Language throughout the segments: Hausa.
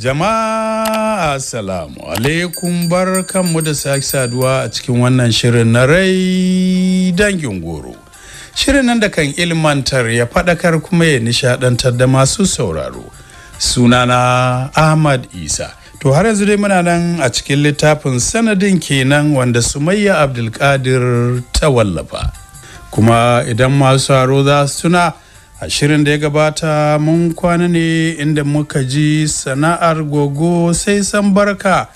Jama'a Assalamu alaikum bar kanmu da sake saduwa a cikin wannan shirin na rai dangin goro. Shirin nan da kan ilmantar ya faɗakar kuma ya nishadantar da masu sauraro. Sunana Ahmad Isa. To har yanzu dai muna nan a cikin littafin sanadin kenan wanda Sumayya Abdulkadir ta wallafa. Kuma idan masu haro za su tuna a shirin da ya gabata mun kwana ne inda muka ji sana'ar gogo sai san barka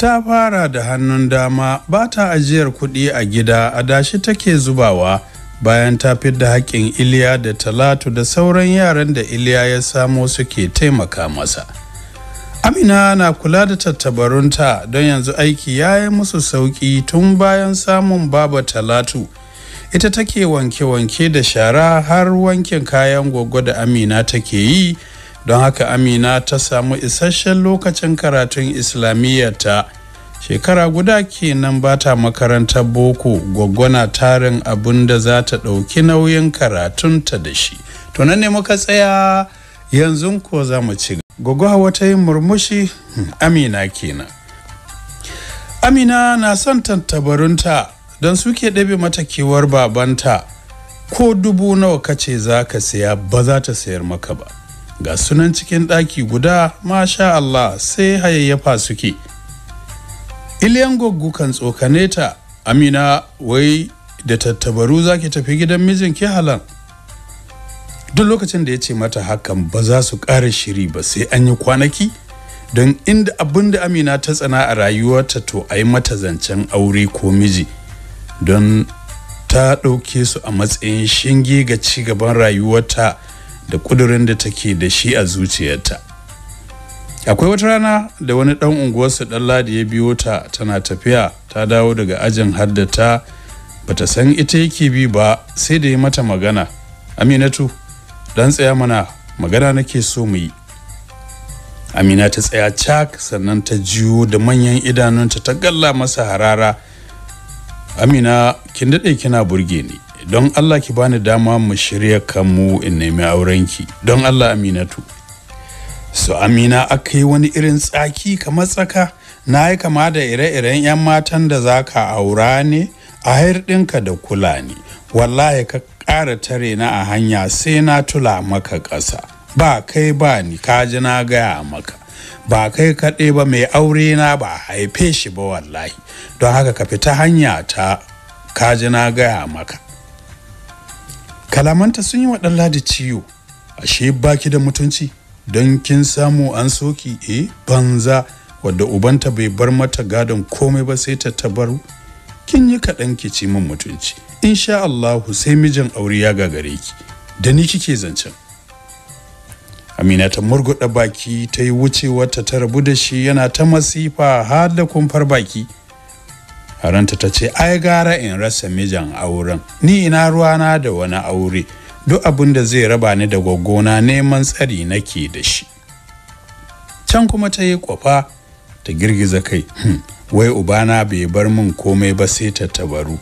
ta fara da hannun dama ba ta ajiyar kuɗi a gida a dashi take zubawa bayan ta fi da haƙƙin iliya da talatu da sauran yaran da iliya ya samo suke taimaka masa amina na kula da tattabarunta don yanzu aiki ya yi musu sauƙi tun bayan samun baba talatu ita take wanke-wanke da shara har wankin kayan goggo da amina take yi don haka amina ta samu isasshen lokacin karatun islamiyyarta shekara guda kenan ba ta makarantar boko gwaggwana tarin abin da za ta ɗauki nauyin karatunta da shi to nan ne muka tsaya yanzu ko za mu ci gwaggo hawa ta yi murmushi hmm, amina kenan amina na son tantabarunta don suke ɗabe mata kewar babanta ko dubu nawa kace za ka saya ba za ta sayar maka ba ga sunan cikin ɗaki guda masha Allah sai hayayyafa suke iliyan goggu kan tsokane ta amina wai da tattabaru za ki tafi gidan mijin ki halan duk lokacin da ya ce mata hakan ba za su ƙara shiri ba sai an yi kwanaki don inda abin da amina ta tsana a rayuwarta to a yi mata zancen aure ko miji don ta ɗauke su a matsayin shinge ga ci gaban rayuwarta da ƙudurin da take da shi a zuciyarta akwai wata rana da wani ɗan unguwarsu ɗan ladi ya biyo ta tana tafiya ta dawo daga ajin har da haddata bata san ita yake bi ba sai da yi mata magana aminatu dan tsaya mana magana nake so mu yi amina ta tsaya cak sannan ta jiyo da manyan idanunta ta galla masa harara amina kin daɗe kina burge ni don allah ki bani dama mu shirya kanmu in nemi aurenki don allah aminatu su so, amina aka yi wani irin tsaki kamar tsaka na yi kama da ire-iren 'yan matan da za ka aura ne a ɗinka da kula ne wallahi ka ƙara tare na a hanya sai na tula maka ƙasa ba kai ba ni ka ji na gaya maka ba kai kaɗai ba mai aure na ba haife shi ba wallahi don haka ka fita hanya ta kaji na gaya maka kalamanta sun yi wa ɗan ladi ciwo ashe baki da mutunci don kin samu an soki e banza wadda ubanta bai bar mata gadon komai ba sai ta tabaru kin yi kaɗan ki ci min mutunci insha Allahu sai mijin aure ya gagare ki da ni kike zancen amina ta murguɗa baki ta yi wata ta rabu da shi yana ta masifa har da kumfar baki haranta ta ce ai gara in rasa mijan auren ni ina ruwana da wani aure duk abin da zai raba ni da gwaggona neman tsari nake da shi can kuma ta yi kwafa ta girgiza kai hmm, wai ubana bai bar min komai ba sai ta tabaru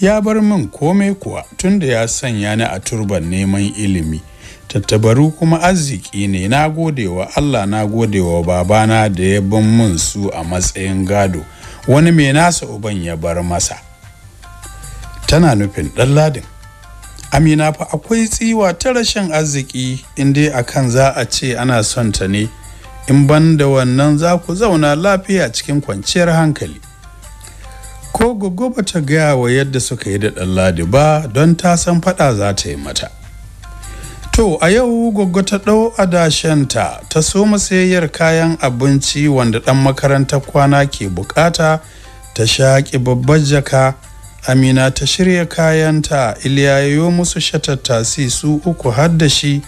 ya bar min komai kuwa tunda ya sanya ni a turban neman ilimi tattabaru kuma arziki ne na godewa Allah na godewa babana da ya bin mun su a matsayin gado wani mai nasa uban ya bar masa tana nufin ɗan ladin amina fa akwai tsiwa ta rashin arziki inda akan za a ce ana son ta ne in ban da wannan za ku zauna lafiya cikin kwanciyar hankali ko gogo ba ta gaya wa yadda suka yi da ɗan ladi ba don ta san faɗa za ta yi mata To a yau Goggo ta ɗau adashenta ta so masayayyar kayan abinci wanda ɗan makarantar kwana ke bukata ta shaƙi babbar jaka Amina ta shirya kayanta Iliya iliyayo musu shatattasi su uku har da shi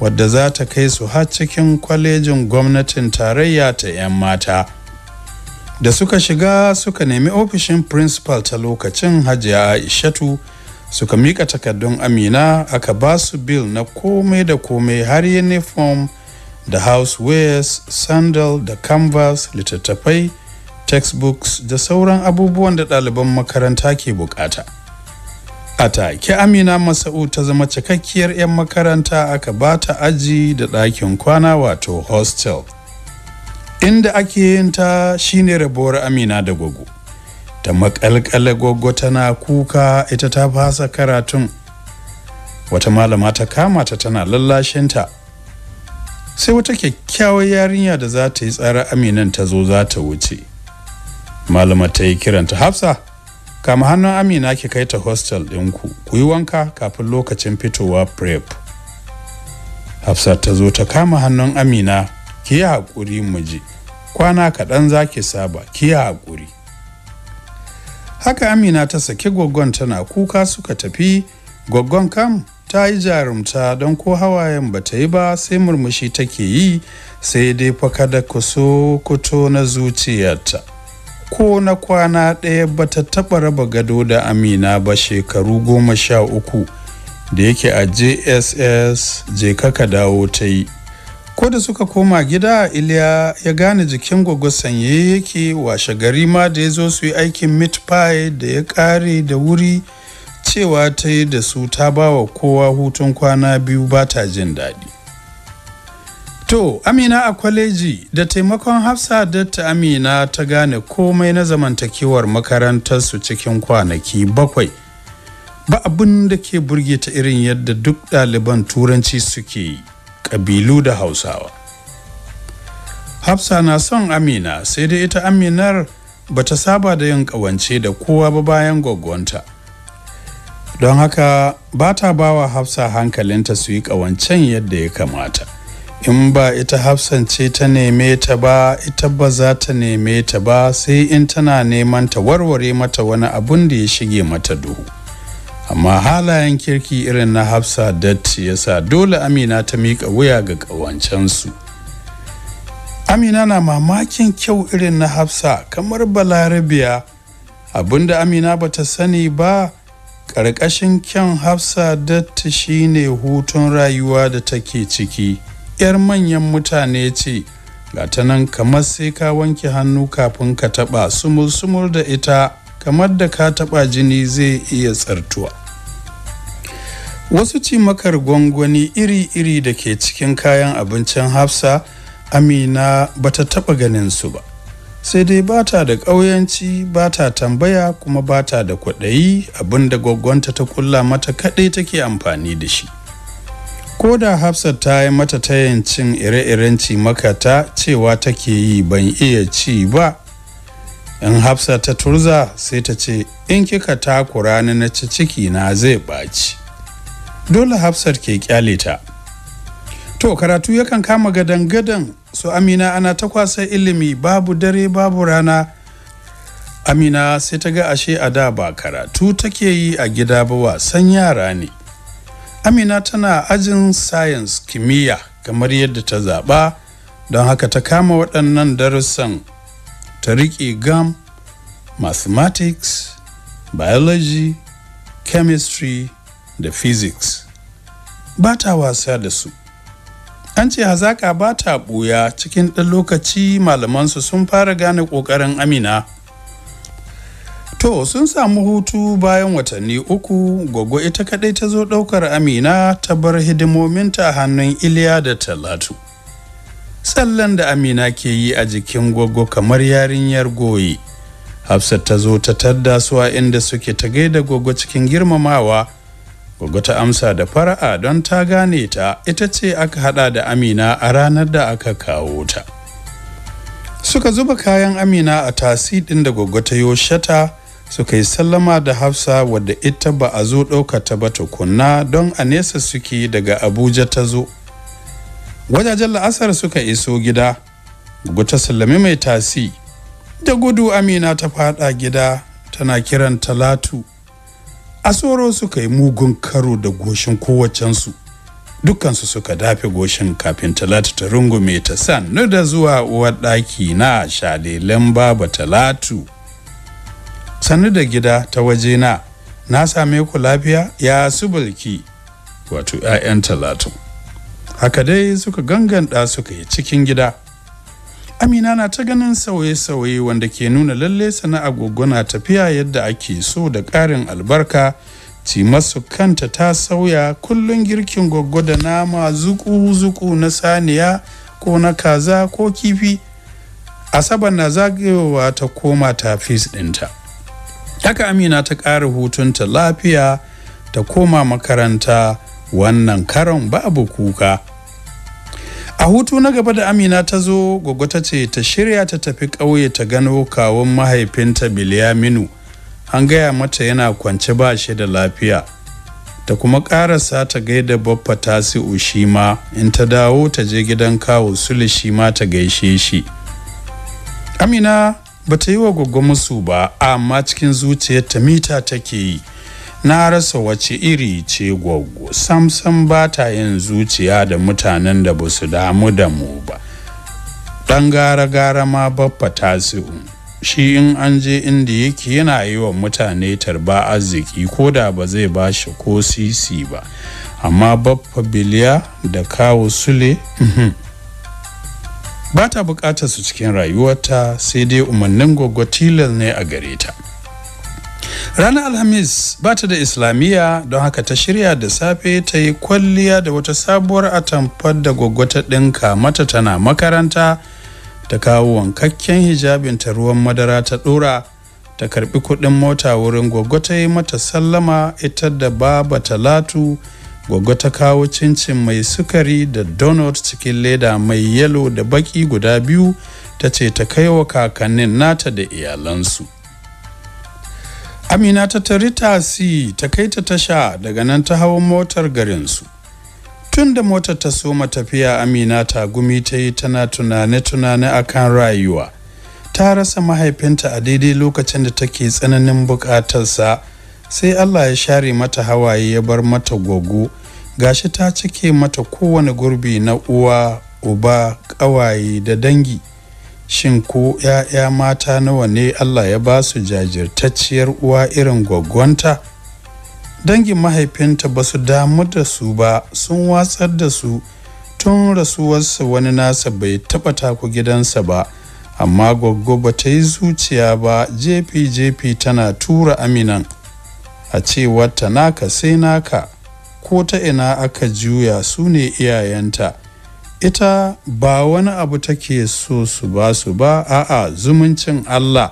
wadda za ta kai su har cikin kwalejin gwamnatin tarayya ta 'yan mata. Da suka shiga suka nemi ofishin principal ta lokacin hajiya Aishatu. suka mika takardun amina aka ba su bil na komai da komai har uniform da housewares sandal da canvas littattafai textbooks da sauran abubuwan da ɗaliban makaranta ke bukata a take amina masa'u ta zama cikakkiyar 'yan makaranta aka ba ta aji da ɗakin kwana wato hostel inda ake yin ta shine rabuwar amina da gogo. ta makalkala gwaggo tana kuka ita ta fasa karatun wata malama ta kama ta tana lallashinta sai wata kyakkyawar yarinya da za ta yi tsara aminan ta zo za ta wuce malama ta yi kiranta hafsa kama hannun amina ki kai ta hostel ɗinku ku yi wanka kafin lokacin fitowa prep hafsa ta zo ta kama hannun amina ki yi haƙuri mu ji kwana kaɗan za ki saba ki yi haƙuri haka amina ta saki gwaggon tana kuka suka tafi gwaggon kam ta yi jarumta don ko hawayen ba ta yi ba sai murmushi take yi sai dai fa da ku kuto na zuciyarta ko na kwana ɗaya ba ta taɓa raba gado da amina ba shekaru goma sha uku da yake a jss je ka dawo ta yi ko da suka koma gida iliya ya gane jikin gwaggo sanye yake washe gari ma da ya zo su yi aikin meat pie da ya kare da wuri cewa ta yi da su ta ba wa kowa hutun kwana biyu ba ta jin daɗi to amina a kwaleji da taimakon hafsa datta amina ta gane komai na zamantakewar makarantarsu cikin kwanaki bakwai ba abin da ke burge ta irin yadda duk ɗaliban turanci suke yi ƙabilu da hausawa hafsa na son amina sai dai ita aminar ba ta saba da yin kawance da kowa ba bayan gwaggonta don haka ba ta ba hafsa hankalinta su yi kawancen yadda ya kamata in ba ita hafsan ce ta neme ta ba ita ba za ta neme ta ba sai in tana neman ta warware mata wani abun da ya shige mata duhu amma halayen kirki irin na hafsa datti ya sa dole amina ta miƙa wuya ga ƙawancensu amina na mamakin kyau irin na hafsa kamar balarabiya abinda amina ba ta sani ba ƙarƙashin kyan hafsa datti shine hutun rayuwa da take ciki 'yar manyan mutane ce ga ta nan kamar sai ka wanke hannu kafin ka taɓa sumul-sumul da ita kamar da ka taɓa jini zai iya tsartuwa wasu cimakar gwangwani iri-iri da ke cikin kayan abincin hafsa amina ba ta taɓa ganin su ba sai dai ba ta da ƙauyanci ba ta tambaya kuma ba ta da kwaɗayi abin da gwaggwanta ta kulla mata kaɗai take amfani da shi ko da Hafsa ta yi mata tayin cin ire-iren cimakata cewa take yi ban iya ci ba in hafsa ta turza sai ta ce in kika takura ni na ci ciki na zai baci. dole hafsar ke kyale ta to karatu yakan kama gadan gadan su amina ana ta kwasa ilimi babu dare babu rana amina sai ta ga ashe a da ba karatu take yi a gida ba wasan yara ne amina tana ajin science kimiyya kamar yadda ta zaɓa don haka ta kama waɗannan darussan ta riƙe gam mathematics biology chemistry da physics ba ta wasa da su an ce hazaka ba ta ɓuya cikin ɗan lokaci malamansu sun fara gane ƙoƙarin amina to sun samu hutu bayan watanni uku gwaggo ita kaɗai ta zo ɗaukar amina ta bar hidimominta a hannun iliya da talatu tsallan da amina ke yi a jikin gwaggo kamar yarinyar goyi hafsa ta zo ta tadda su inda suke ta gaida gwaggo cikin girmamawa gwaggo ta amsa da fara'a don ta gane ta ita ce aka hada da amina a ranar da aka kawo ta suka zuba kayan amina a tasi din da gwaggo ta yoshata suka yi sallama da hafsa wadda ita ba a zo ɗaukata ba tukunna don a nesa suke daga abuja ta zo wajajen la'asar suka iso gida guta sallami mai tasi da gudu amina ta fada gida tana kiran talatu a tsoro suka yi mugun karo da goshin kowacensu dukansu suka dafe goshin kafin talatu ta rungume ta sannu da zuwa uwar ɗaki na shalelen baba talatu sannu da gida ta waje na na same ku lafiya ya su bulki wato 'ya'yan talatu haka dai suka ganganta suka yi cikin gida amina na ta ganin sauye-sauye wanda ke nuna lalle sana agogo na tafiya yadda ake so da ƙarin albarka ci masu kanta ta sauya kullum girkin goggo da nama zuku-zuku na saniya ko na kaza ko kifi asabar na zagayowa ta koma fis ɗinta haka amina ta ƙara hutunta lafiya ta koma makaranta wannan karon babu kuka a hutu na gaba da amina ta zo gwagwata ta ce ta shirya ta tafi ƙauye ta gano kawun mahaifinta biliyaminu an gaya mata yana kwance ba shi da lafiya ta kuma ƙarasa ta gaida baffa ta si ushima in ta dawo ta je gidan kawo sule shi ma ta gaishe shi amina ba ta yi wa gwaggo musu ba amma cikin zuciyarta mita take yi na rasa wace iri ce gwaggo samsam ba ta yin zuciya da mutanen da ba su damu da mu ba dan gara-gara ma baffa tasi'u shi in an je inda yake yana yi wa mutane tarba arziki ko da ba zai ba shi ko sisi ba amma baffa biliya da kawo sule mhm, ba ta bukatar su cikin rayuwarta sai dai umarnin gwaggo tilas ne a gare ta ranar alhamis bata da islamiyya don haka ta shirya da safe ta yi kwalliya da wata sabuwar atamfar da ɗin ɗinka mata tana makaranta ta kawo wankakken hijabin ta ruwan madara ta ɗora ta karbi kuɗin mota wurin gwaggwata yi mata sallama ita da baba talatu gwaggwata kawo cincin mai sukari da donut cikin leda mai yalo da baki guda biyu ta ce ta kai wa kakannin nata da iyalansu amina ta tari tasi ta kai ta tasha daga nan ta hawan motar garinsu tun da motar ta soma tafiya amina ta gumi ta yi tana tunane-tunane kan rayuwa ta rasa mahaifinta a daidai lokacin da take tsananin bukatarsa sai allah ya share mata hawaye ya bar mata gogo gashi ta cike mata kowane gurbi na uwa uba ƙawaye da dangi shin ko ‘ya'ya mata nawa ne Allah ya ba su jajirtacciyar uwa irin gwaggwanta? Dangin mahaifinta ba su damu da su ba sun watsar da su tun rasuwarsa wani nasa bai taɓa taku gidansa ba, amma gwaggo ba ta yi zuciya ba jefi-jefi tana tura aminan. A cewar ta naka sai naka, ko ta ina aka juya su ne iyayenta. ita ba wani abu take so su ba su ba a'a zumuncin Allah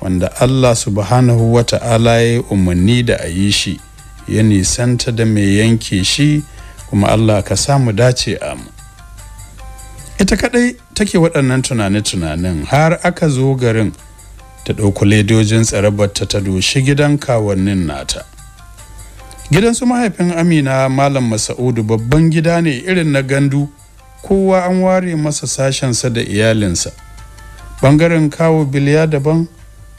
wanda Allah subhanahu wa ta'ala ya umarni da a yi shi ya nisanta da mai yanke shi kuma Allah ka samu dace a mu ita kadai take waɗannan tunane tunanin har aka zo garin ta ɗauku ledojin tsarabarta ta doshi gidan kawannin nata gidan su mahaifin amina malam masa'udu babban gida ne irin na gandu kowa an ware masa sashensa da iyalinsa bangaren kawo biliya daban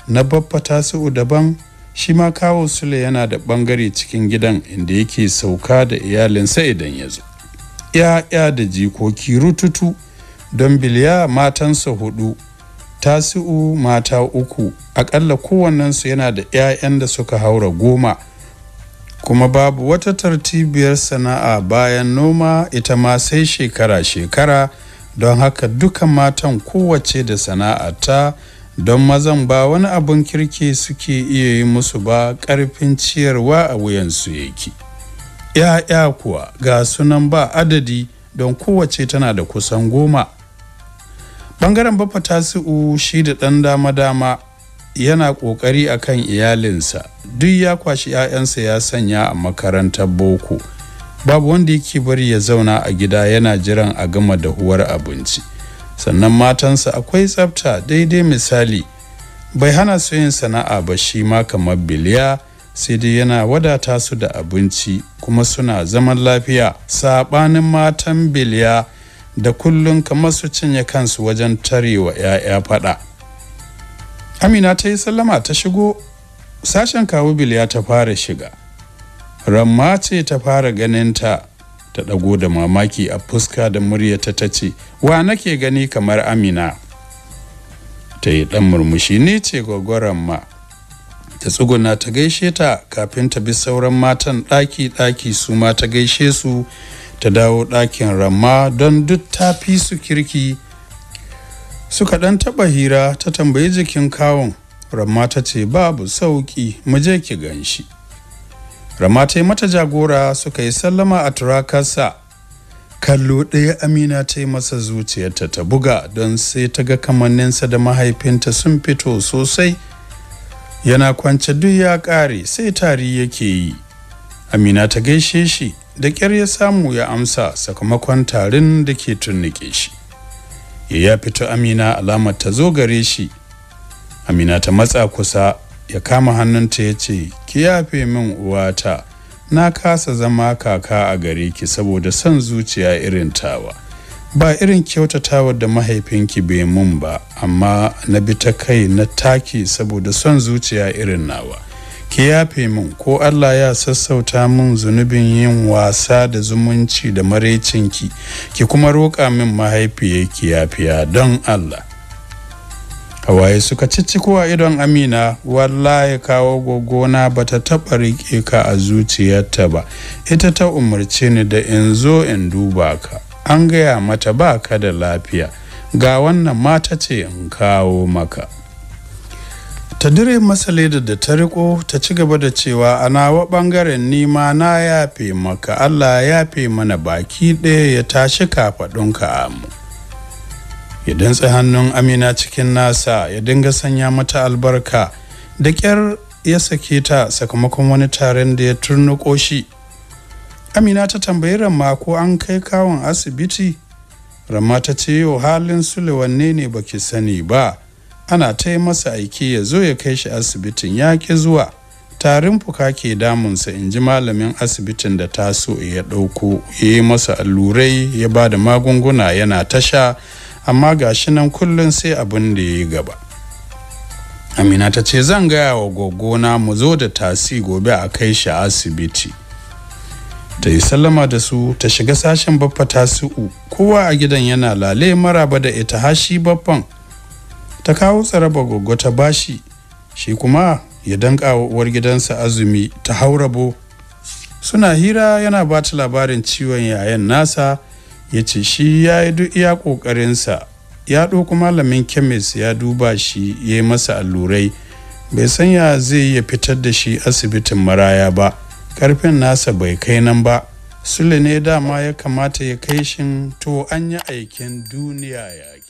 na baffa tasi'u daban shi ma kawo sule yana da bangare cikin gidan inda yake sauka da iyalinsa idan ya zo ya'ya da jikoki rututu don biliya matansa hudu tasi'u mata uku akalla kowannensu yana da 'ya'yan da suka haura goma kuma babu wata tartibiyar sana'a bayan noma ita ma sai shekara-shekara don haka duka matan kowace da sana'a ta don mazan ba wani abin kirki suke iya yi musu ba ƙarfin ciyarwa a wuyansu yake ‘ya'ya kuwa ga sunan ba adadi don kowace tana da kusan goma ɓangaren bafa tasi'u shi da ɗan dama-dama yana ƙoƙari a kan iyalinsa duk ya kwashi 'ya'yansa ya sanya a makarantar boko babu wanda yake bari ya zauna a gida yana jiran a gama dahuwar abinci sannan matansa akwai tsafta daidai misali bai hana su yin sana'a ba shi ma kamar biliya sai dai yana wadata su da abinci kuma suna zaman lafiya saɓanin matan biliya da kullum kamar su cinye kansu wajen tarewa 'ya'ya faɗa. amina ta yi sallama ta shigo sashen kawo biliya ta fara shiga ramma ce ta fara ganin ta ta ɗago da mamaki a fuska da muryata ta ce wa nake gani kamar amina ta yi dan murmushi ne ce gwagwaran ma ta tsuguna ta gaishe ta kafin ta bi sauran matan ɗaki-ɗaki su ma ta gaishe su ta dawo ɗakin ramma don duk ta fi su kirki suka ɗan taɓa hira ta tambayi jikin kawon ramma ta ce babu sauƙi mu je ki ganshi ramma ta yi mata jagora suka yi sallama a turakarsa kallo ɗaya amina ta yi masa zuciyarta ta buga don sai ta ga kamanninsa da mahaifinta sun fito sosai yana kwance duk ya ƙare sai tari yake yi amina ta gaishe shi da ƙyar ya samu ya amsa sakamakon tarin da ke tunnike shi ya fito amina alamar ta zo gare shi amina ta matsa kusa ya kama hannunta ya ce ki yafe min uwata na kasa zama kaka a gare ki saboda son zuciya irin tawa ba irin kyautatawa da mahaifinki bai mun ba amma na bi ta kai na taki saboda son zuciya irin nawa ki yafe mun ko Allah ya sassauta mun zunubin yin wasa da zumunci da maraicinki ki kuma roƙa min mahaifiye ki yafiya don Allah hawaye suka cicciko a idon amina ya kawo gogona ba ta taɓa riƙe ka a zuciyarta ba ita ta umarce ni da in zo in duba ka an gaya mata ba ka da lafiya ga wannan mata ce in kawo maka ta dire matsalar da ta riko ta ci gaba da cewa a nawa bangaren nima na yafe maka allah yafe mana baki ɗaya ya tashi kafaɗun a mu ya dantse hannun amina cikin nasa ya dinga sanya mata albarka da ƙyar ya sake ta sakamakon wani taron da ya turnuƙo shi amina ta tambayi ramma ko an kai kawon asibiti ramma ta ce yau halin sulewanne ne baki sani ba ana ta yi masa aiki ya zo ya kai shi asibitin ya zuwa tarin fuka ke damunsa in ji malamin asibitin da taso ya ɗauko ya yi masa allurai ya ba da magunguna yana tasha amma ga shi nan kullum sai abin da ya yi gaba amina ta ce zan gaya wa gogona mu zo da tasi gobe a kai shi asibiti ta yi sallama da su ta shiga sashen baffa tasi'u, kowa a gidan yana lale maraba da ita hashi baffan ta kawo tsaraba goggo ta bashi shi kuma ya danka wa uwar gidansa azumi ta haurabo suna hira yana ba ta labarin ciwon yayan nasa ya ce shi ya yi duk iya ƙoƙarinsa ya ɗauko malamin kemis ya duba shi ya yi masa allurai bai sanya zai iya fitar da shi asibitin maraya ba karfin nasa bai kai nan ba sule ne dama ya kamata ya kai shin to an yi aikin duniya ya